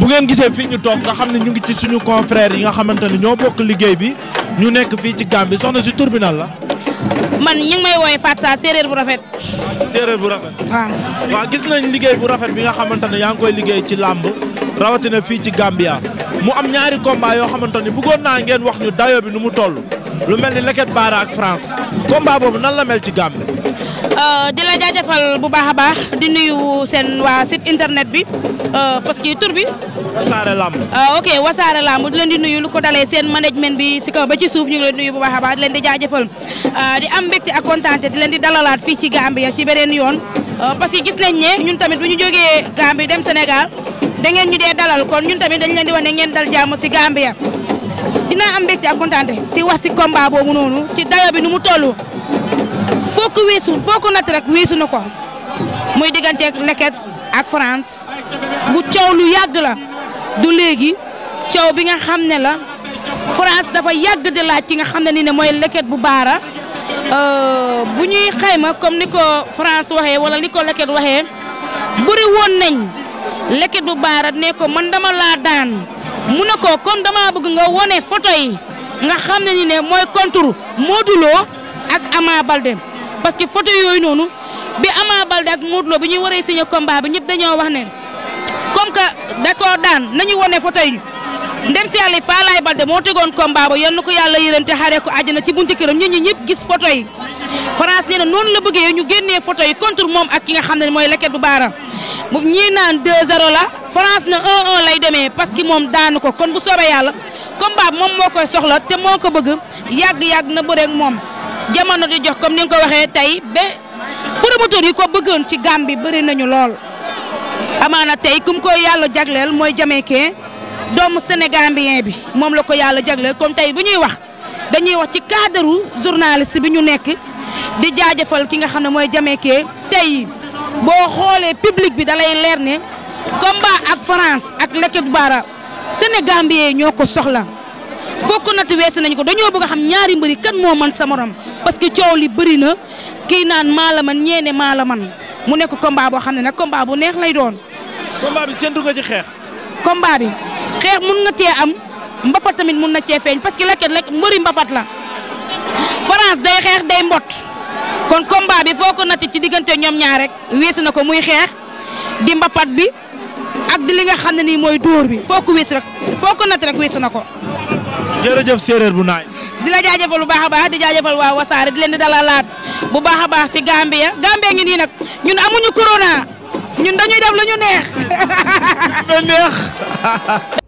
bu ngeen gisee fii ñu toog nga xam ne ñu ngi ci suñu confrère yi nga xamante ne ñoo bokk liggéey bi ñu nekk fii ci Gambie soxna si turbinal la. man ñu ngi may woowee saa séeréer bu rafet. séeréer bu rafet. waaw gis nañ liggéey bu rafet bi nga xamante ne yaa ngi koy liggéey ci làmb rawatina fii ci Gambia mu am ñaari combat yoo xamante ne bëggoon naa ngeen wax ñu dayo bi nu mu toll lu mel ni Leket Baara ak France combat boobu nan la mel ci Gambie. Euh, di la jaajafal bu baax a baax di nuyu seen waa site internet bi euh, parce que tur bi. wasaare lamb. Euh, ok wasaare lamb di leen di nuyu lu ko dalee seen management bi si kaw ba ci suuf ñu ngi leen nuyu bu baax a baax di leen di jaajëfal di am mbégte ak kontaante di leen di dalalaat fii ci Gambia si beneen yoon parce que gis nañ ne ñun tamit bu ñu jógee Gambie dem Sénégal da ngeen ñu dee dalal kon ñun tamit dañ leen di wax ne ngeen dal jàmm ci Gambia dina am mbégte ak kontaante si wax ci combat boobu ci dayo bi nu mu toll. ko weesu foo ko natt rek weesu na ko muy digganteeg leket ak France bu caw lu yàgg la du léegi coow bi nga xam ne la France dafa yàgg de laaj ki nga xam ne ni ne mooy leket bu baara euh, bu ñuy xayma comme ni ko France waxee wala ni ko leket waxee bëri woon nañ leket bu baara ne ko man dama laa daan mu ne ko comme dama bëgg nga wone photo yi nga xam ne ni ne mooy contour Modou Lo ak Ama Baldé parce que photo yooyu noonu bi Ama Baldé ak Modou Lo ñuy waree signé combat bi ñëpp dañoo wax ne comme que d'accord daan nañu wone photo yi ndem si yàlla Falaye Baldé moo tegoon combat ba yoon na ko yàlla yërëm te ko àjjana ci bunti këram ñun ñi ñëpp gis photo yi France nee na noonu la bëggee ñu génnee photo yi contre moom ak ki nga xam ne mooy leket bu baaraam mu ñii naan 2 la France na 1-1 lay demee parce que moom daanu ko kon bu soobee yàlla combat moom soxla te moo ko bëgg yàgg-yàgg na bëreeg moom. jamono di jox comme ni nga ko waxee tey ba promoteur yi ko bëggoon ci Gambie bëri nañu lool. amaana tey kum koy yàlla jagleel mooy Jamaïcain doomu sénégambien bi moom la ko yàlla jagleel comme tey bu ñuy wax dañuy wax ci cadre journaliste bi ñu nekk di jaajëfal ki nga xam ne mooy Jamaïcain tey boo xoolee public bi dalay leer ne combat ak France ak Leket Bara sénégambien ñoo ko soxla. fokk nati wees nañ ko dañoo bëgg a xam ñaari mbëri kan moo man sa morom parce que coow li bëri na kii naan maa la man ñeene maa la man mu nekk combat boo xam ne nag combat bu neex lay doon. combat bi séntu nga ci xeex. combat bi xeex mun nga cee am mbapat tamit mun na cee feeñ parce que Leket rek mbëri mbapat la France day xeex day mbot kon combat bi foo ko nati ci diggante ñoom ñaar rek weesu na ko muy xeex di mbapat bi ak di li nga xam ne nii mooy dóor bi foo ko weesu rek foo ko na ko. jërëjëf séeréer bu naay di la jaajëfal bu baax a baax di jaajëfal waa wasaare di leen di dalalaat bu baax a baax si Gambia Gambia ngi nii nag ñun amuñu corona ñun dañuy def lu ñu neex. neex.